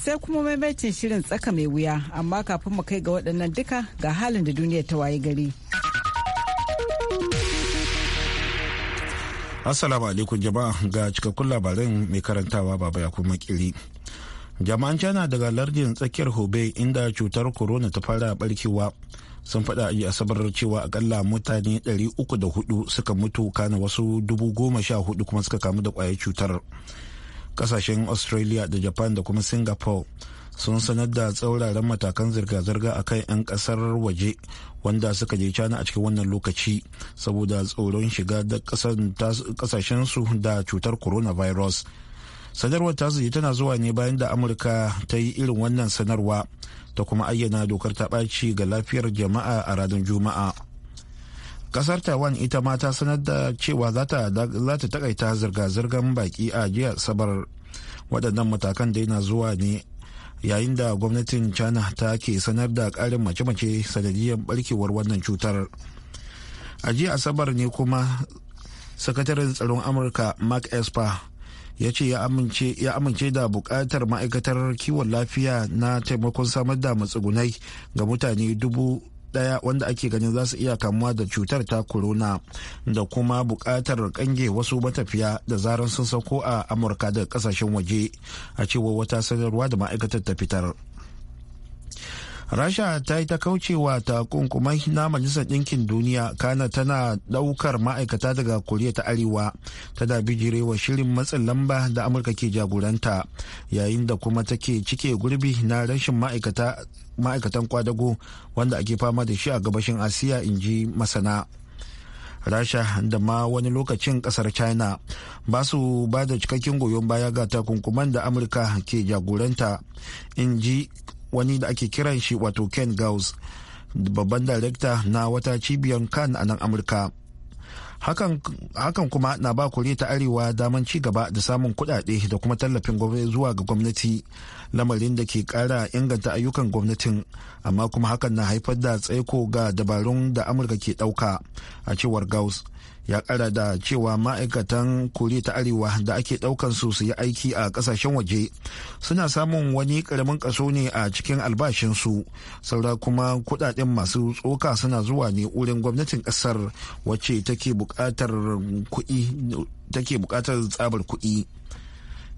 sai kuma maimaitin shirin tsaka mai wuya amma kafin mu kai ga waɗannan duka ga halin da duniya ta waye gari. Assalamu alaikum jama'a ga cikakkun labarin mai karantawa baba ya kuma Jama'an China daga lardin tsakiyar Hubei inda cutar corona ta fara barkewa sun faɗa a asabar cewa akalla mutane 304 suka mutu kana wasu 14,000 kuma suka kamu da kwayar cutar. kasashen australia da japan da kuma singapore sun sanar da tsauraran matakan zirga-zirga a kan 'yan kasar waje wanda suka je cana a cikin wannan lokaci saboda tsoron shiga da su da cutar coronavirus sanarwar ta tana zuwa ne bayan da amurka ta yi irin wannan sanarwa ta kuma ayyana dokar ta ɓaci ga lafiyar jama'a a ranar juma'a kasar taiwan ita ma ta sanar da cewa za ta takaita zirga-zirgar baki a jiya sabar waɗannan matakan daina zuwa ne yayin da gwamnatin china ta ke sanar da ƙarin mace-mace sanadiyar barkewar wannan cutar a jiya asabar ne kuma sakataren tsaron amurka mark esper ya ce ya amince da buƙatar ma'aikatar kiwon lafiya na taimakon samar da matsugunai ga mutane dubu ɗaya wanda ake ganin za su iya kamuwa da cutar ta corona da kuma buƙatar kange wasu matafiya da zarar sun sauko a amurka da kasashen waje a cewa wata sanarwa da ma'aikatar ta fitar. rasha ta yi ta kaucewa ta na majalisar ɗinkin duniya kana tana ɗaukar ma'aikata daga koriya ta arewa ta dabi bijirewa shirin matsin lamba da amurka ke jagoranta yayin da kuma take cike gurbi na rashin ma'aikatan kwadago wanda ake fama da shi a gabashin asiya in ji masana rasha da ma wani lokacin kasar china ba su ba da cikakken goyon baya ga takunkuman da amurka ke jagoranta in ji wani da ake kiran shi wato ken gauss babban darekta na wata cibiyar kan a nan amurka hakan kuma na ba koriya ta arewa daman ci gaba da samun kudade da kuma tallafin zuwa ga gwamnati lamarin da ke kara inganta ayyukan gwamnatin amma kuma hakan na haifar da tsaiko ga dabarun da amurka ke dauka a cewar gauss ya kara da cewa ma'aikatan koriya ta arewa da ake daukan su su yi aiki a kasashen waje suna samun wani karamin kaso ne a cikin albashinsu saura kuma kudaden masu tsoka suna zuwa ne wurin gwamnatin kasar wacce take bukatar kuɗi tsabar kuɗi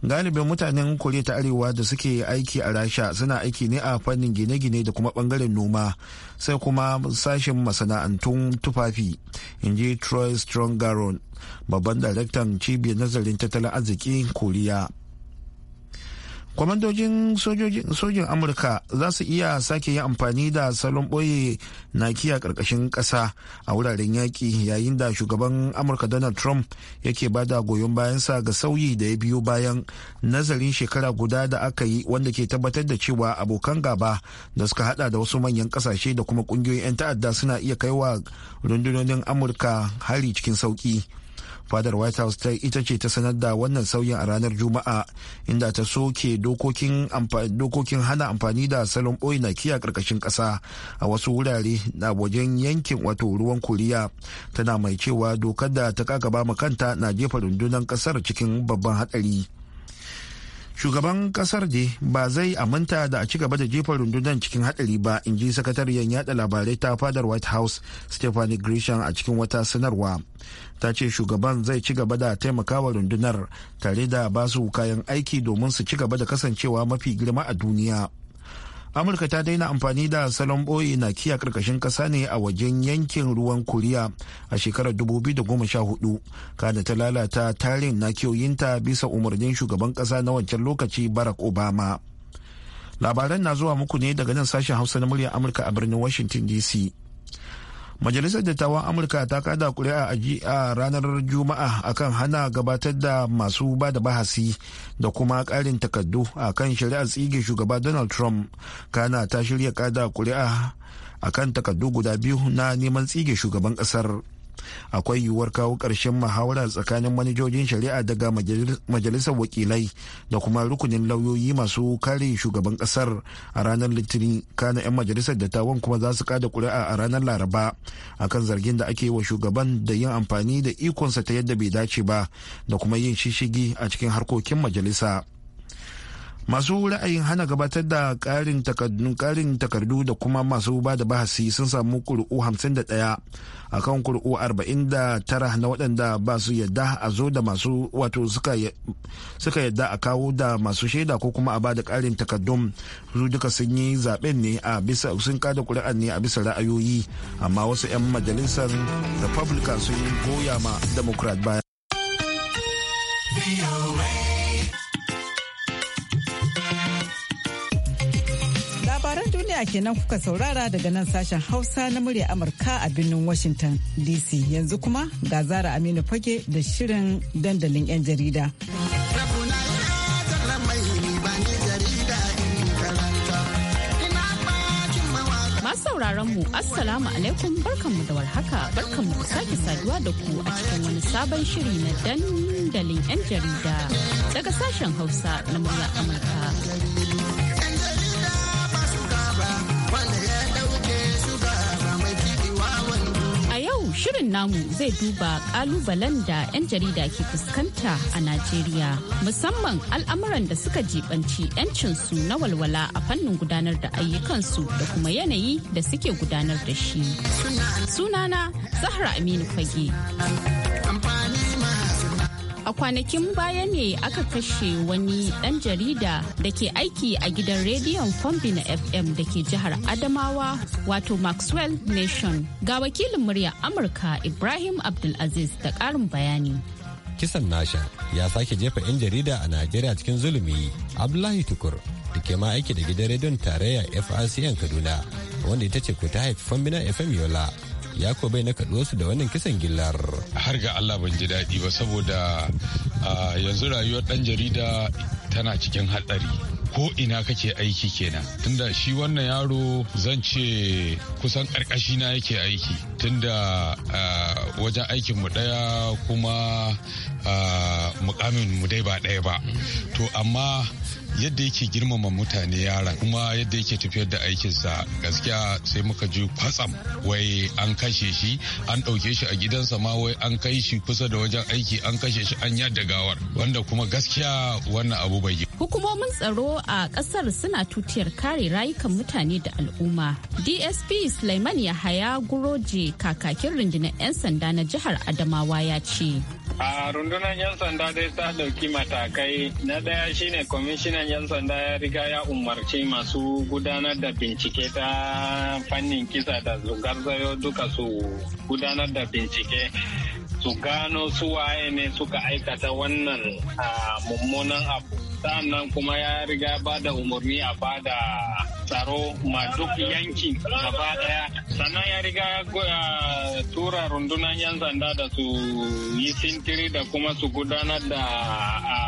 galibin mutanen koriya ta arewa da suke aiki a rasha suna aiki ne a fannin gine-gine da kuma bangaren noma sai kuma sashen masana'antun tufafi in ji troy garon babban daraktan cibiyar nazarin tattalin arziki koriya kwamandojin sojin amurka za su iya sake yin amfani da salon ɓoye kiya ƙarƙashin ƙasa a wuraren yaƙi yayin da shugaban amurka donald trump yake ba da goyon bayansa ga sauyi da ya biyo bayan nazarin shekara guda da aka yi wanda ke tabbatar da cewa abokan gaba da suka hada da wasu manyan ƙasashe da kuma ƙungiyoyin 'yan ta'adda suna iya kai wa rundunonin amurka hari cikin sauƙi. fadar white house ta ita ce ta sanar da wannan sauyin a ranar juma'a inda ta soke dokokin hana amfani da salon boye na kiya karkashin kasa a wasu wurare na wajen yankin wato ruwan koriya tana mai cewa dokar da ta kaka ba kanta na jefa rundunar kasar cikin babban hatsari. shugaban kasar dai ba zai aminta da a ci gaba da jefa rundunar cikin hadari ba in ji sakatariyar yada labarai ta fadar white house stephanie grisham a cikin wata sanarwa ta ce shugaban zai ci gaba da taimakawa rundunar tare da basu kayan aiki domin su ci gaba da kasancewa mafi girma a duniya amurka ta daina amfani da salon ɓoye na kiya karkashin kasa ne a wajen yankin ruwan koriya a shekarar 2014 kada ta lalata tarin na kiyoyinta bisa umarnin shugaban kasa na wancan lokaci barack obama labaran na zuwa muku ne daga nan sashen hausa na muryar amurka a birnin washington dc majalisar dattawan amurka ta kada kuri'a a ranar juma'a akan hana gabatar da masu ba da bahasi da kuma karin takardu akan shari'ar tsige shugaba donald trump kana ta shirya kada kuri'a akan takardu guda biyu na neman tsige shugaban kasar akwai yiwuwar kawo ƙarshen muhawara tsakanin manajojin shari'a daga majalisar wakilai da kuma rukunin lauyoyi masu kare shugaban ƙasar a ranar litinin kana 'yan majalisar da dattawan kuma za su kada kuri'a a ranar laraba akan zargin da ake wa shugaban da yin amfani da ikonsa ta yadda bai dace ba da kuma yin shishigi a cikin harkokin majalisa masu ra'ayin hana gabatar da karin takardu da kuma masu ba da bahasi sun samu kuri'u 51 a kan kuri'u 49 na waɗanda ba su yadda a zo da masu wato suka yadda a kawo da masu shaida ko kuma a ba da karin takardun su duka sun yi zaben ne a bisa sun kada kuri'an ne a bisa ra'ayoyi amma wasu 'yan majalisar republican sun goya ma democrat baya Shirin kenan kuka saurara daga nan sashen Hausa na murya Amurka a birnin Washington DC. Yanzu kuma ga Zara Aminu Fage da shirin dandalin 'yan jarida. sauraron mu assalamu alaikum barkanmu da warhaka barkanmu da sake saduwa da ku a cikin wani sabon shiri na dandalin 'yan jarida daga sashen hausa na murya amurka shirin namu zai duba kalubalen da 'yan jarida ke fuskanta a Najeriya, musamman al'amuran da suka jibanci 'yancinsu na walwala a fannin gudanar da ayyukansu da kuma yanayi da suke gudanar da shi. Sunana Zahra Aminu Fage. A kwanakin baya ne aka kashe wani ɗan jarida da ke aiki a gidan rediyon Fombina FM da ke jihar Adamawa wato Maxwell Nation. Ga wakilin murya Amurka Ibrahim Abdulaziz da ƙarin bayani. Kisan Nasha ya sake jefa 'yan jarida a Najeriya cikin zulumi Abdullahi Tukur da ke ma aiki da gidan rediyon tarayya FRCN Kaduna wanda ita ce ku ta haifi Fombina FM Yola. ya ko bai na kaduwa su da wannan kisan gillar har ga Allah ban ji daɗi ba saboda yanzu rayuwar ɗan jarida tana cikin hatsari ko ina kake aiki kenan tunda shi wannan yaro zan ce kusan karkashi na yake aiki tunda wajen aikin mu daya kuma mukamin mu dai ba daya ba to amma yadda yake girmama mutane yara kuma yadda yake tafiyar da aikinsa gaskiya sai muka ji kwatsam wai an kashe shi an ɗauke shi a gidansa ma wai an kai shi kusa da wajen aiki an kashe shi an yadda gawar wanda kuma gaskiya wannan abu bai yi. Hukumomin tsaro a ƙasar suna tutiyar kare rayukan mutane da al'umma. DSP Sulaiman Yahaya Guroje kakakin rundunar 'yan sanda na jihar Adamawa ya ce. A rundunar 'yan sanda dai ta ɗauki matakai na ɗaya shine kwamishinan 'yan sanda ya riga ya umarci masu gudanar da bincike ta fannin kisa da garzayo duka su gudanar da bincike su gano su waye ne suka aikata wannan mummunan abu sannan kuma ya riga ba da umarni a bada. tsaro ma duk yanki gaba daya sannan ya riga ya eh, tura rundunar yan sanda da su yi sintiri da kuma su gudanar da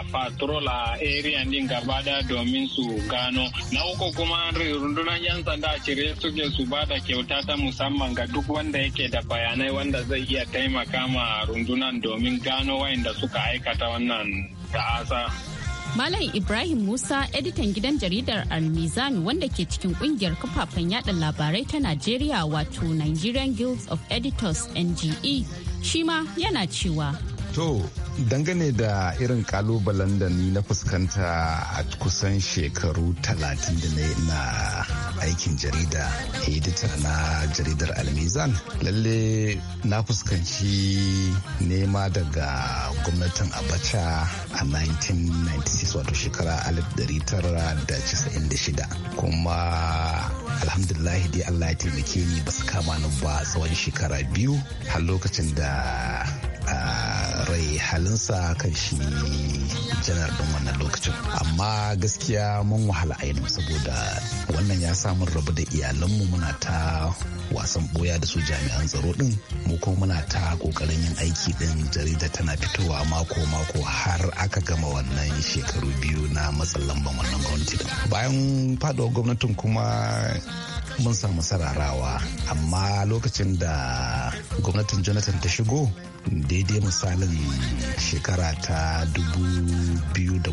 patrol a area din gaba daya domin su gano na uku kuma rundunar yan sanda a cire suke su ba da kyauta ta musamman ga duk wanda yake da bayanai wanda zai iya taimaka ma rundunan domin gano wayanda suka aikata wannan ta'asa. Malam Ibrahim Musa editan gidan jaridar AlMizani wanda ke cikin kungiyar kafafen yada labarai ta Najeriya wato Nigerian Guilds of Editors NGE shi ma yana cewa To, dangane da irin kalubalen da ni na fuskanta a kusan shekaru talatin da na na aikin jarida, editor na jaridar Almizan, lalle na fuskanci nema daga gwamnatin Abacha a 1996 wato shekara 1996 kuma alhamdulahi dai Allah ya taimake ni ba su kama ni ba tsawon shekara biyu har lokacin da rai halinsa kan shi janar ɗin wannan lokacin amma gaskiya mun wahala ainihin saboda wannan ya samun rabu da iyalanmu muna ta wasan boya da su jami'an tsaro ɗin mu kuma muna ta ƙoƙarin yin aiki ɗin jarida tana fitowa mako mako har aka gama wannan shekaru biyu na matsin lamban wannan gwamnati din bayan faɗuwar gwamnatin kuma mun samu sararawa amma lokacin da gwamnatin jonathan ta shigo daidai misalin shekara ta 2014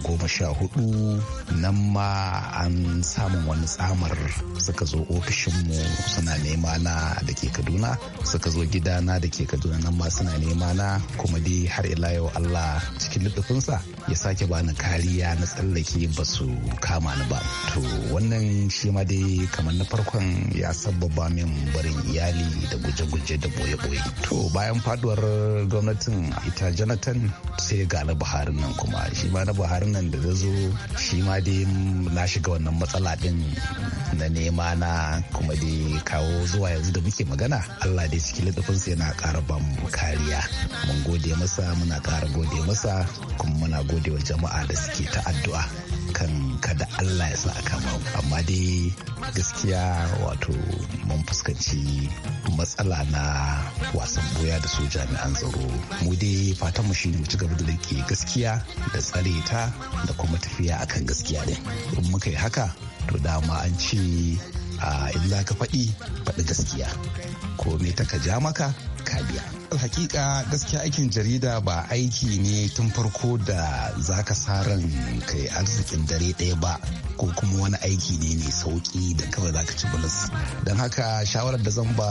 nan ma an samun wani tsamar suka zo ofishinmu suna nema na da ke kaduna suka zo gidana da ke kaduna nan ma suna nema na kuma dai har ila yau allah cikin littafinsa ya sake bani kariya na tsallake ba su kama ni ba to wannan shi ma dai kamar na farkon ya sabbaba min barin iyali da guje-guje da boye-boye to bayan faduwar bar gwamnatin ita jonathan sai ga na buhari nan kuma shi ma na buharin nan da zazo shi ma dai na shiga wannan matsala din na nema na kuma dai kawo zuwa yanzu da muke magana allah dai cikin littafinsa yana kara ba mu kariya mun gode masa muna kara gode masa kuma muna gode wa jama'a da suke ta addu'a kan kada Allah ya sa a kama amma dai gaskiya wato mun fuskanci matsala na wasan boya da su jami'an tsaro mu dai fatan mu shine mu ci gaba da rike gaskiya da tsare ta da kuma tafiya akan gaskiya ne in muka yi haka to dama an ce a ah, in za ka faɗi faɗi gaskiya ko me ta ka ja maka kariya. hakika gaskiya aikin jarida ba aiki ne tun farko da za ka sa ran kai arzikin dare ɗaya ba ko kuma wani aiki ne mai sauki da kawai za ka ci bulus don haka shawarar da zan ba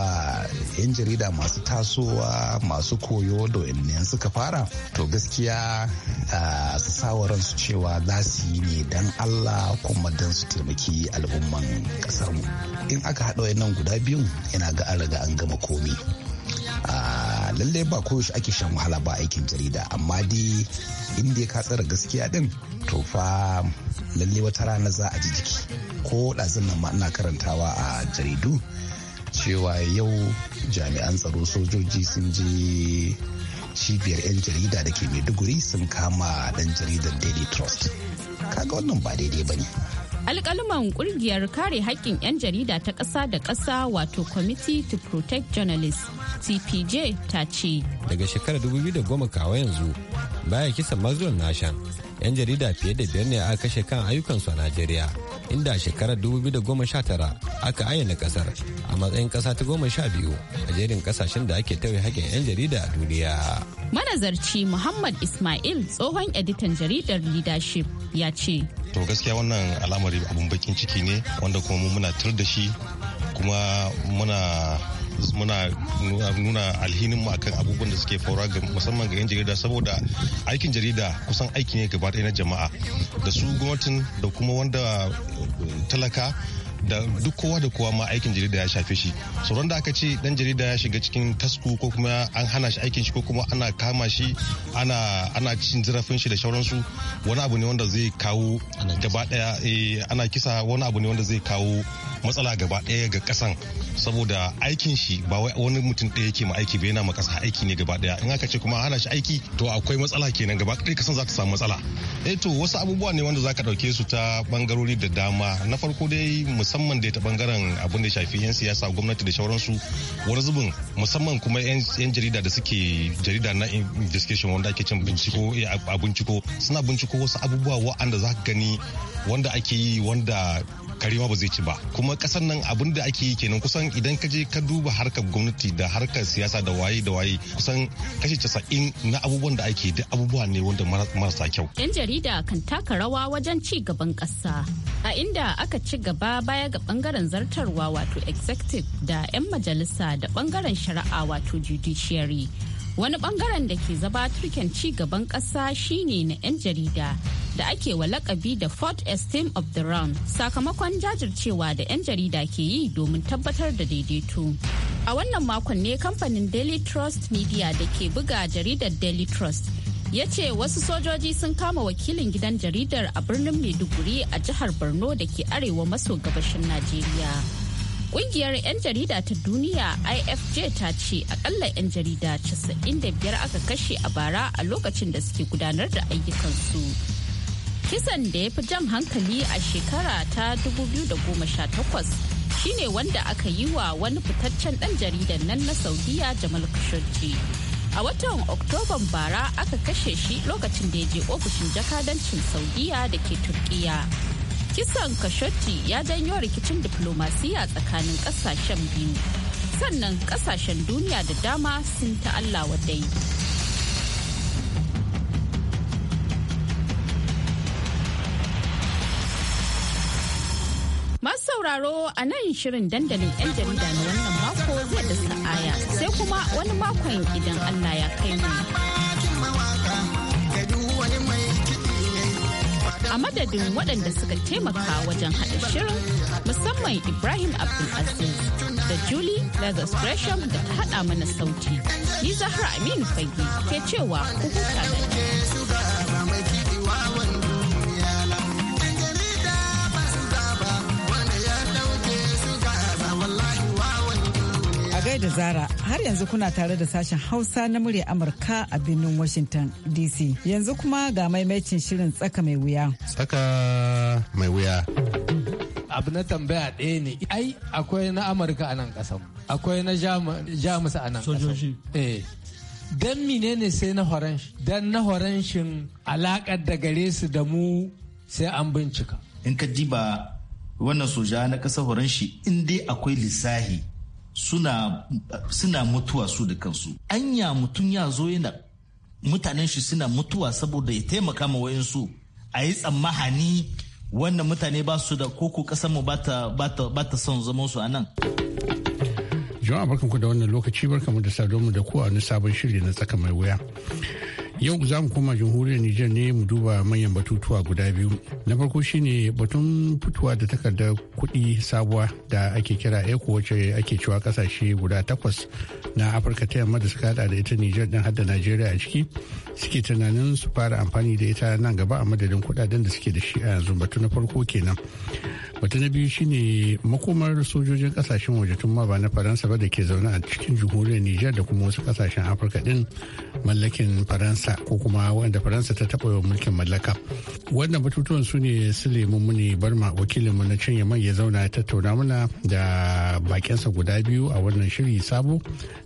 'yan jarida masu tasowa masu koyo da ne suka fara to gaskiya su sawa ransu cewa za su yi ne don allah kuma don su taimaki al'umman kasarmu in aka haɗa nan guda biyun yana ga an an gama komi lallai ba koyaushe ake shan wahala ba aikin jarida amma dai inda ya ka tsara gaskiya din to fa lallai wata rana za a ji jiki ko ɗazin nan ma ina karantawa a jaridu cewa yau jami'an tsaro sojoji sun je cibiyar 'yan jarida da ke maiduguri sun kama dan jaridar daily trust kaga wannan ba daidai ba ne alƙaluman ƙungiyar kare haƙƙin 'yan jarida ta ƙasa da ƙasa wato committee to protect journalists tpj ta ce daga shekarar 2010 kawo yanzu baya kisan mazuwan nashan 'yan jarida fiye da biyar ne a kashe kan ayyukansu a najeriya inda shekarar 2019 aka ayyana kasar a matsayin kasa ta goma sha biyu a jerin kasashen da ake tauye haƙƙin 'yan jarida a duniya. Manazarci Muhammad Ismail tsohon editan jaridar Leadership ya ce. To gaskiya wannan alamar abun bakin ciki ne wanda kuma muna tur da shi kuma muna muna nuna alhinin mu akan abubuwan da suke faruwa musamman ga 'yan jarida saboda aikin jarida kusan aiki ne gaba ɗaya na jama'a da su gwamnatin da kuma wanda eh, talaka da duk kowa da kowa ma aikin jarida ya shafe shi sauran da aka ce dan jarida ya shiga cikin tasku ko kuma an hana shi aikin shi ko kuma ana kama shi ana ana cin zarafin shi da sauransu wani abu ne wanda zai kawo gaba daya eh, ana kisa wani abu ne wanda zai kawo matsala gaba ɗaya ga kasan saboda aikin shi ba wani mutum ɗaya yake ma aiki ba yana ma kasa aiki ne gaba ɗaya in aka ce kuma hana shi aiki to akwai matsala kenan gaba ɗaya kasan za ta samu matsala eh to wasu abubuwa ne wanda za ka ɗauke su ta bangarori da dama na farko dai musamman da ta bangaren abin da shafi 'yan siyasa gwamnati da sauransu wani zubin musamman kuma 'yan jarida da suke jarida na investigation wanda ake cin binciko eh, a binciko suna binciko wasu abubuwa wa'anda za ka gani wanda ake yi wanda karima ba zai ci ba kuma kuma kasar nan abin da ake yi kenan kusan idan ka je ka duba harkar gwamnati da harkar siyasa da waye da waye kusan kashi casa'in na abubuwan da ake duk abubuwa ne wanda marasa kyau. Yan jarida kan taka rawa wajen ci gaban ƙasa. A inda aka ci gaba baya ga bangaren zartarwa wato executive da 'yan majalisa da bangaren shari'a wato judiciary. wani bangaren da ke zaba turken ci gaban kasa shine na 'yan jarida da ake wa lakabi da fort esteem of the round sakamakon jajircewa da 'yan jarida ke yi domin tabbatar da daidaito a wannan makon ne kamfanin daily trust media da ke buga jaridar daily trust ya ce wasu sojoji sun kama wakilin gidan jaridar a birnin maiduguri a jihar borno da ke arewa maso gabashin najeriya Ƙungiyar 'yan jarida ta duniya IFJ ta ce akalla 'yan jarida 95 aka kashe a bara a lokacin da suke gudanar da ayyukansu. Kisan da ya fi jan hankali a shekara ta 2018 shine wanda aka yi wa wani fitaccen ɗan jaridan nan na Saudiya Jamal Khashoggi. A watan Oktoban bara aka kashe shi lokacin da ya je ofishin jakadancin Saudiya da ke turkiya. Kisan kashoti ya janyo rikicin diflomasiyya tsakanin kasashen biyu. Sannan kasashen duniya da dama sun ta'allawa dai. Masu sauraro a nan shirin dandalin 'yan jarida na wannan mako zai da sa'aya sai kuma wani makon idan Allah ya kai mu. a madadin waɗanda suka taimaka wajen haɗa shirin musamman Ibrahim Abdulaziz da Julie Lagos Gresham da ta haɗa mana sauti. Ni Zahra Aminu Fage ke cewa ku huta Zara har yanzu kuna tare da sashen Hausa na murya Amurka a birnin Washington DC. Yanzu kuma ga maimacin shirin tsaka mai wuya. Tsaka mai wuya. abu na tambaya ɗaya ne ai akwai na amurka a nan ƙasar akwai na jamus a nan sojoji eh mine ne sai na horanshi Dan na horanshin alaƙar da gare su da mu sai an bincika in ka diba wannan soja na ƙasar horanshi in dai akwai lissahi suna suna mutuwa su da kansu anya mutum ya zo yana mutanen shi suna mutuwa saboda ya taimaka ma wayansu a yi tsammahani wannan mutane ba su da koko kasan mu ba ta son zaman su a nan jama'a barkanku da wannan lokaci barkanmu da saduwa da kowa wani sabon shiri na tsaka mai wuya Yau za mu koma jamhuriyar Nijar ne mu duba manyan batutuwa guda biyu. Na farko shine batun fitowa da takardar kuɗi sabuwa da ake kira ECO wacce ake cewa kasashe guda takwas na Afirka ta yamma da suka hada da ita Nijar din har da Najeriya a ciki suke tunanin su fara amfani da ita nan gaba a madadin kuɗaɗen da suke da shi a yanzu batu na farko kenan. wata na biyu shine makomar sojojin kasashen waje tun ma ba na faransa ba da ke zaune a cikin jamhuriyar nijar da kuma wasu kasashen afirka din mallakin faransa ko kuma wanda faransa ta taba yawan mulkin mallaka wannan batutuwan su ne suleiman muni barma wakilinmu na cin yaman ya zauna ya tattauna muna da bakinsa guda biyu a wannan shiri sabo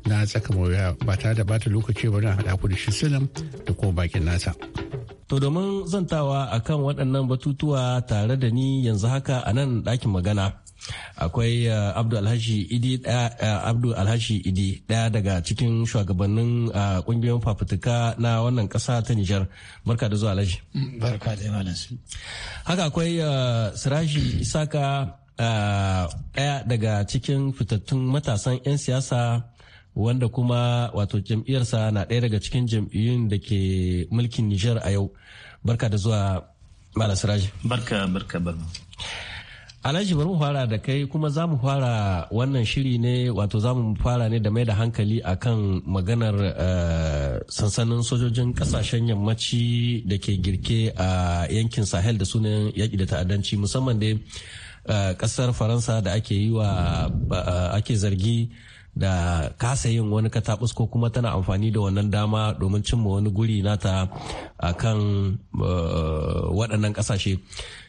na tsaka mawuya ba tare da bata lokaci bari a haɗa ku da shi silam da kuma bakin nasa. To domin zantawa kan waɗannan batutuwa tare da ni yanzu haka a nan ɗakin magana. Akwai eh, Abdu Alhaji eh, Idi ɗaya daga cikin shugabannin eh, ƙungiyoyin fafutuka na wannan ƙasa ta Nijar. Barka da zuwa Alhaji. Mm, barka da Haka akwai Siraji Isaka ɗaya daga cikin fitattun matasan 'yan siyasa wanda kuma wato jam'iyyarsa na ɗaya daga cikin jam'iyyun da ke mulkin Nijar a yau. Barka da zuwa Malam Siraji. Barka barka barka. Alhaji bari mu fara da kai kuma za mu fara wannan shiri ne wato za mu fara ne da mai da hankali akan maganar eh, sansanin sojojin kasashen yammaci da ke girke a yankin Sahel da sunan yaƙi da ta'addanci musamman da kasar eh, Faransa da ake yi wa eh, ake zargi da kasa yin wani katabus ko kuma tana amfani da wannan dama domin cimma wani guri nata a kan eh, waɗannan ƙasashe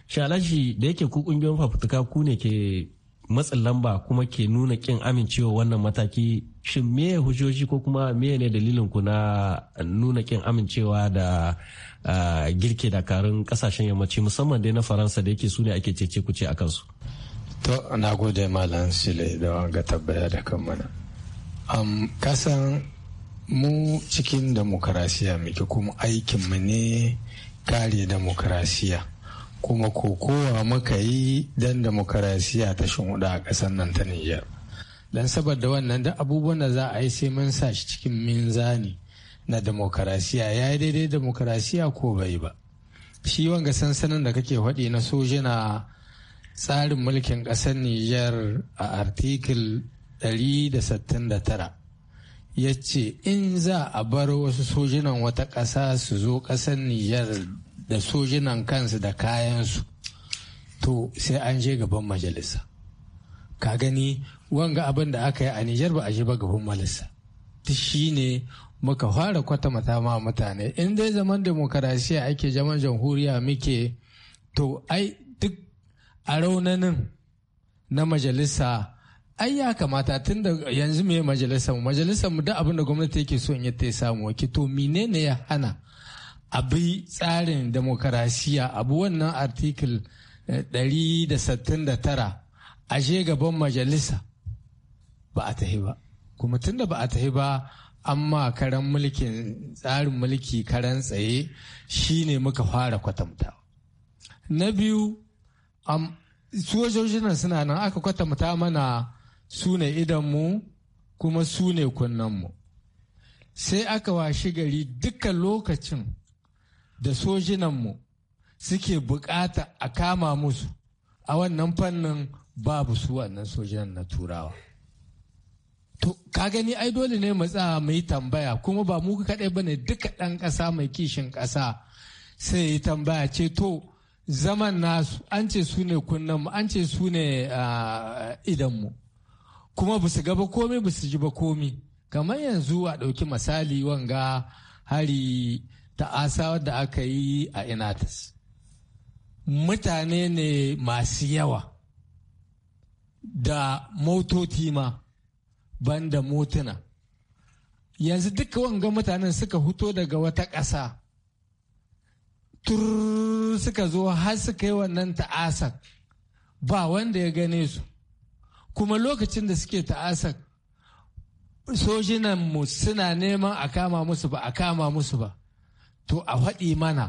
shalashi da yake ku ƙungiyoyin fafutuka ku ne ke matsin lamba kuma ke nuna ƙin amincewa wannan mataki shin meye hujjoji ko kuma meye ne dalilin ku na nuna ƙin amincewa da eh, girke dakarun ƙasashen yammaci musamman dai na faransa da yake su ne ake cece ce a kansu To, na gode Malam Sile da wanga tabbaya da kan mana. Um, kasan mu cikin demokarasiya muke kuma aikinmu ne kare demokarasiya. Kuma kokowa muka yi don demokarasiya ta shinhuda a ƙasar nan ta Nijar. Don saboda wannan da abubuwan da za a yi sai mun sa shi cikin minzani na demokarasiya ya yi daidai demokarasiya ko bai ba. Shi wanga sansanin da kake faɗi na soja na tsarin mulkin ƙasar Nijar a artikul 169 ya ce in za a bar wasu sojinan wata ƙasa su zo ƙasar Nijar da sojinan kansu da kayansu to sai an je gaban majalisa. Ka gani wanga abin da aka yi a Nijar ba a je ba gaban majalisa. shi ne muka fara kwata ma mutane in dai zaman demokarasiya ake zaman jamhuriya muke to ai duk a raunanin na majalisa ai ya kamata tun da yanzu me majalisar majalisar mu duk abin da gwamnati yake so in ta samu wake to menene ya hana abi tsarin demokarasiya abu wannan artikel 169 eh, je gaban majalisa ba a tahi ba kuma tun da ba a tahi ba amma karan mulkin tsarin mulki karan tsaye shine muka fara kwatanta na biyu sojojin nan suna nan aka kwatanta mana su ne idanmu kuma su ne kunnenmu sai aka washi gari duka lokacin da sojinanmu suke bukata a kama musu a wannan fannin babu su wannan sojinan na turawa to ka gani ai dole ne matsa mai tambaya kuma ba mu kaɗai bane duka ɗan ƙasa mai kishin ƙasa sai yi tambaya ce to zaman nasu an ce su ne kunnanmu an ce su ne ah, idanmu kuma ba su gaba komi ba su ji ba komi kamar yanzu a ɗauki misali wanga hari ta asa da aka yi a inatas mutane ne masu yawa da motoci ma banda motuna yanzu duka wanga mutanen suka huto daga wata ƙasa tur suka zo har suka yi wannan ta'asar ba wanda ya gane su kuma lokacin da suke ta'asar mu suna neman a kama musu ba a kama musu ba to a faɗi mana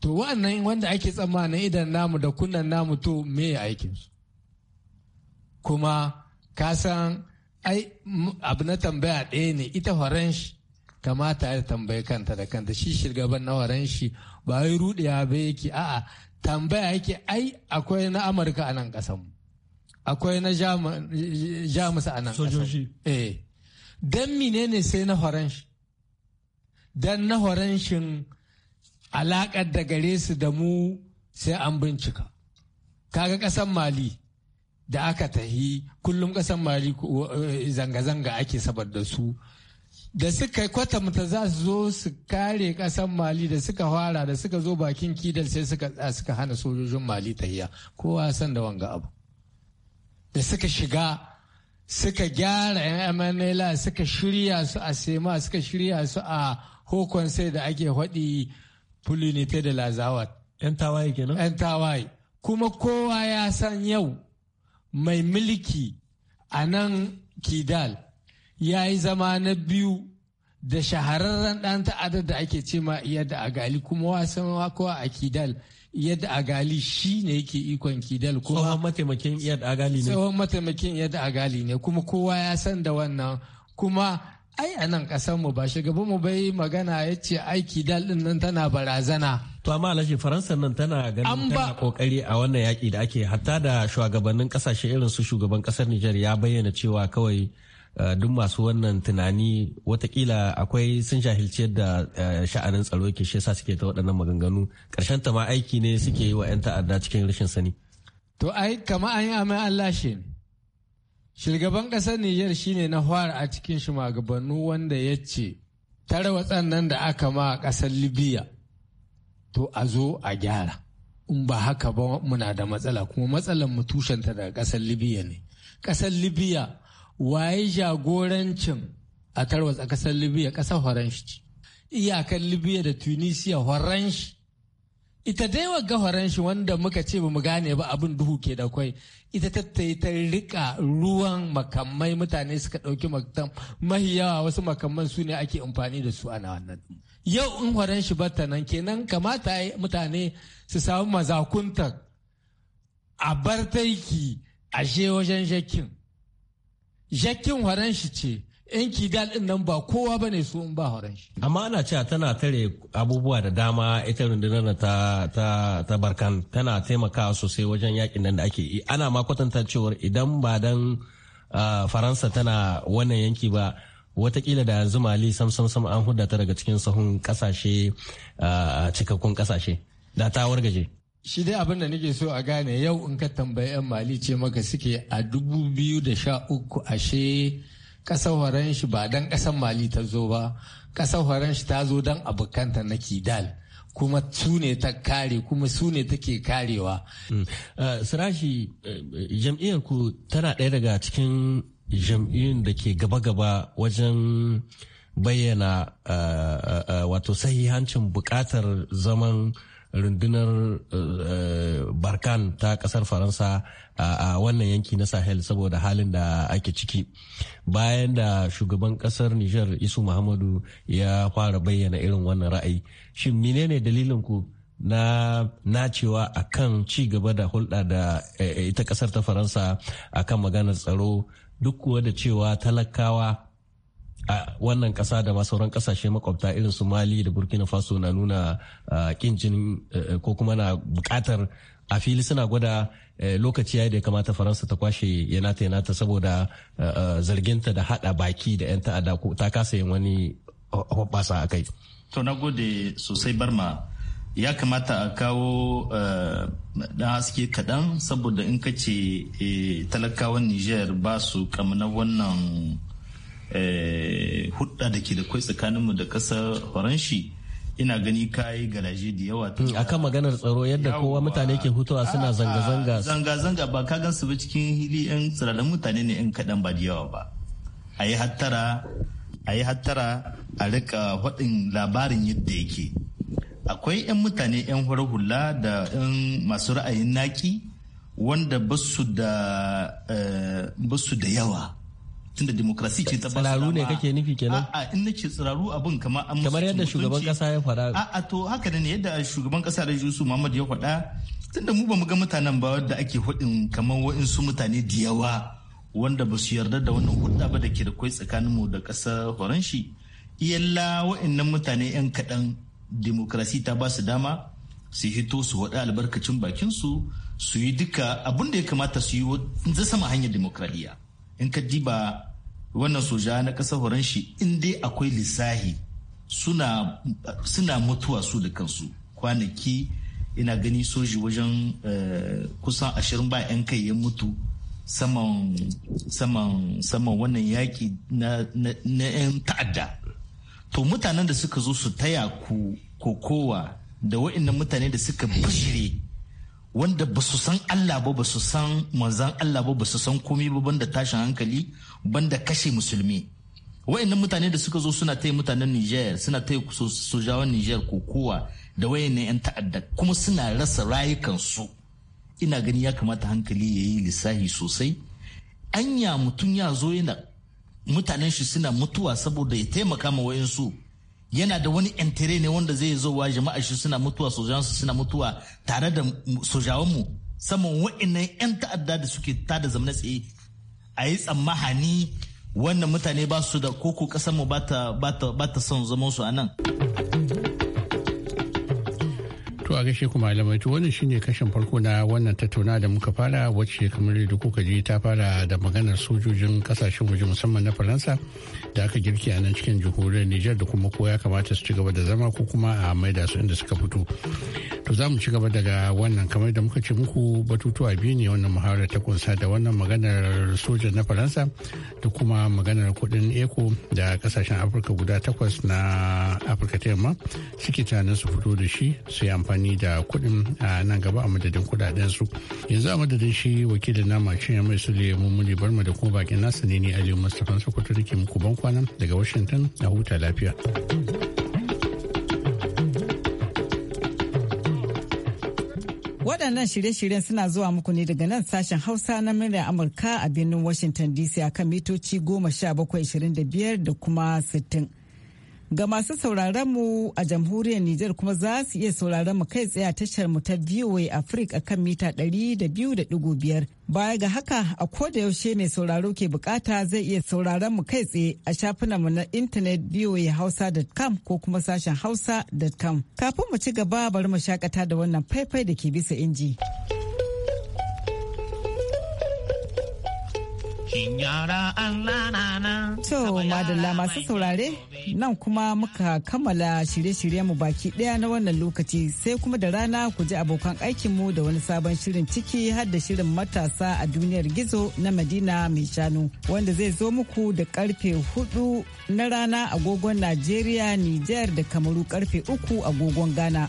to wannan wanda ake tsammanin idan namu da kunnan namu to me aikinsu kuma ka san ai abu na tambaya ɗaya ne ita faranshi kamata a tambayi kanta da kanta shi shirgaban na waran shi ba yi rudiya ba yake a'a tambaya yake ai akwai na amurka a nan kasan akwai na jamus a nan sojoji eh don menene sai na horon shi don na horon shin alakar da gare su da mu sai an bincika kaga kasan mali da aka tahi kullum kasan mali eh, zanga-zanga ake saboda su da suka kwatanta za su zo su kare kasan mali da suka fara da suka zo bakin kidal sai suka suka hana sojojin mali tahiya kowa san da wanga abu da suka shiga suka gyara yan mnla suka shirya su a sema suka shirya su a hokon sai da ake faɗi fulinite da lazawat yan tawaye kenan yan tawaye kuma kowa ya san yau mai mulki a nan kidal ya yi zama na biyu da shahararren ɗan ta'adar da ake ce ma yadda a gali kuma wasan wakowa a kidal yadda a gali shi ne yake ikon kidal kuma tsohon mataimakin yadda a gali ne kuma kowa ya san da wannan kuma ai a nan ƙasar mu ba mu bai magana ya ce ai kidal din nan tana barazana to amma alashi faransa nan tana ganin tana kokari a wannan yaki da ake hatta da shugabannin ƙasashe irin su shugaban ƙasar Nijar ya bayyana cewa kawai Eh, duk masu wannan tunani watakila akwai sun shahilci yadda eh, sha'anin tsaro ke shi yasa suke ta waɗannan maganganu ƙarshen ta ma aiki ne suke yi wa 'yan ta'adda cikin rashin sani. To ai kama an yi amai Allah shi. Shugaban ƙasar Nijar shine na fara a cikin shugabannu wanda ya ce tarwatsan nan da aka ma a ƙasar Libya to a zo a gyara. In ba haka ba muna da matsala kuma matsalar mu tushenta daga ƙasar Libya ne. Ƙasar Libya waye jagorancin a tarwatsa ƙasar libya ƙasar horanshi iyakar libya da tunisia horanshi ita dai wagga horanshi wanda muka ce ba mu gane ba abin duhu ke da kwai ita ta ta rika ruwan makamai mutane suka ɗauki makam mahi yawa wasu makamman su ne ake amfani da su ana wannan yau in horanshi ta nan kenan kamata mutane su samu mazakunta a bar taiki ashe wajen shakin jakin horon ce yan kidal din nan ba kowa bane su in ba horon amma ana cewa tana tare abubuwa da dama ita rundunar ta ta ta barkan tana taimakawa sosai wajen yakin nan da ake yi ana ma kwatanta cewa idan ba dan faransa tana wannan yanki ba watakila da yanzu mali sam sam sam an hudata daga cikin sahun kasashe cikakkun kasashe da ta wargaje shi dai abin da nake so a gane yau in ka tambayi 'yan mali ce maka suke a dubu biyu da sha uku ashe kasar horon shi ba dan kasar mali ta zo ba kasar horon shi ta zo dan abokanta na kidal kuma su ne ta kare kuma su ne take karewa. Mm. Uh, sirashi uh, jam'iyyar ku tana ɗaya daga cikin jam'iyyun da ke gaba-gaba wajen bayyana uh, wato sahihancin bukatar zaman rundunar eh, barkan ta kasar faransa a wannan yanki na sahel saboda halin da ake ciki bayan da shugaban kasar niger isu muhammadu ya fara bayyana irin wannan ra'ayi shin menene dalilin ku na nacewa a kan gaba da hulɗa da eh, ita kasar ta faransa a kan maganar tsaro duk kuwa da cewa talakawa a wannan kasa da ma sauran kasashe makwabta irin su mali da burkina faso na nuna kin jinin e, e, ko kuma na bukatar a fili suna gwada e, lokaci yayi da ya kamata faransa ta kwashe yanata yanata saboda zarginta da hada baki da 'yan ta'adda ko ta kasa yin wani hoɓasa a kai to na gode sosai barma ya kamata a kawo dan haske kaɗan saboda in ka ce talakawan niger ba su kamna wannan Eh, hudda da ke da kwai tsakaninmu da kasar faranshi ina gani kayi garaje da yawa mm, a kan maganar tsaro yadda kowa mutane ke hutawa suna ah, zanga-zanga zanga-zanga ba ka gansu ba cikin hili yan tsirarin mutane ne in kaɗan ba da yawa ba a yi hattara a yi hattara a rika faɗin labarin yadda yake akwai 'yan mutane 'yan hular hula da 'yan masu ra'ayin naki wanda basu eh, da yawa tunda demokrasi ce ta tsiraru ne kake nufi kenan a in nace tsiraru abin kamar an kamar yadda shugaban kasa ya faɗa a a to haka ne yadda shugaban kasa da Yusuf Muhammad ya faɗa tunda mu ba mu ga mutanen ba wadda ake hudin kamar wa'insu mutane da yawa wanda ba su yarda da wannan hudda ba da ke da kwai tsakanin mu da ƙasar Faranshi iyalla wa'annan mutane yan kaɗan demokrasi ta ba dama su hito su waɗa albarkacin bakinsu su yi duka abin da ya kamata su yi ta sama hanyar demokradiyya in ka diba wannan soja na ƙasar horanshi in dai akwai lissahi suna, mutuwa su da kansu kwanaki ina gani soji wajen eh, kusan ashirin ba 'yan kai ya mutu saman saman wannan yaƙi na 'yan ta'adda to mutanen da suka zo su taya ku kokowa da wa'in mutane da suka bishire wanda ba su san Allah ba ba su san manzan Allah ba ba su san komai ba banda tashin hankali banda kashe musulmi wayannan mutane da suka zo suna taya mutanen Niger suna taya sojawan Niger kokowa da wayannan yan ta'adda kuma suna rasa rayukansu ina gani ya kamata hankali ya yi lissahi sosai anya mutum ya zo yana mutanen shi suna mutuwa saboda ya taimaka ma wayansu yana da wani entere ne wanda zai zo wa jama'a shi suna mutuwa sojawansu suna mutuwa tare da sojawanmu saman wa'innan 'yan ta'adda da suke ta da zamna tsaye a yi tsammahani wannan mutane ba su da koko kasanmu ba ta son zaman su a nan. a gashe kuma malamai to wannan shine kashin farko na wannan tattauna da muka fara wacce kamar da kuka ji ta fara da maganar sojojin kasashen waje musamman na Faransa da aka girki a nan cikin jihohin Nijar da kuma ko ya kamata su ci gaba da zama ko kuma a da su inda suka fito. To za mu ci gaba daga wannan kamar da muka ce muku batutuwa biyu ne wannan muhawara ta kunsa da wannan maganar soja na Faransa da kuma maganar kuɗin eco da kasashen Afirka guda takwas na Afirka ta yamma suke tunanin su fito da shi su yi amfani amfani da kuɗin a nan gaba a madadin kuɗaɗen su yanzu a madadin shi wakilin nama ya mai sule barma da kuma bakin nasa ne ne aliyu mustapha sokoto ke muku ban kwana daga washington a huta lafiya. Waɗannan shirye-shiryen suna zuwa muku ne daga nan sashen Hausa na murya Amurka a birnin Washington DC a kan mitoci 1725 da biyar da kuma sittin. Ga masu sauraron mu a jamhuriyar Nijar kuma za su iya sauraron mu kai tsaye a tashar mu ta VOA Africa kan mita 200.5. Baya ga haka a koda yaushe mai sauraro ke bukata zai iya sauraron mu kai tsaye a shafinan mu na intanet voahausa.com ko kuma sashen hausa.com. Kafin mu ci gaba bari mu shakata da wannan faifai da ke bisa inji. To, madalla masu saurare, nan kuma muka kammala shirye-shiryenmu baki ɗaya na wannan lokaci sai kuma da rana ku ji abokan aikinmu da wani sabon shirin ciki har da shirin matasa a duniyar gizo na Madina mai shanu wanda zai zo muku da karfe hudu na rana agogon Najeriya, Nijar da Kamaru karfe uku agogon Ghana.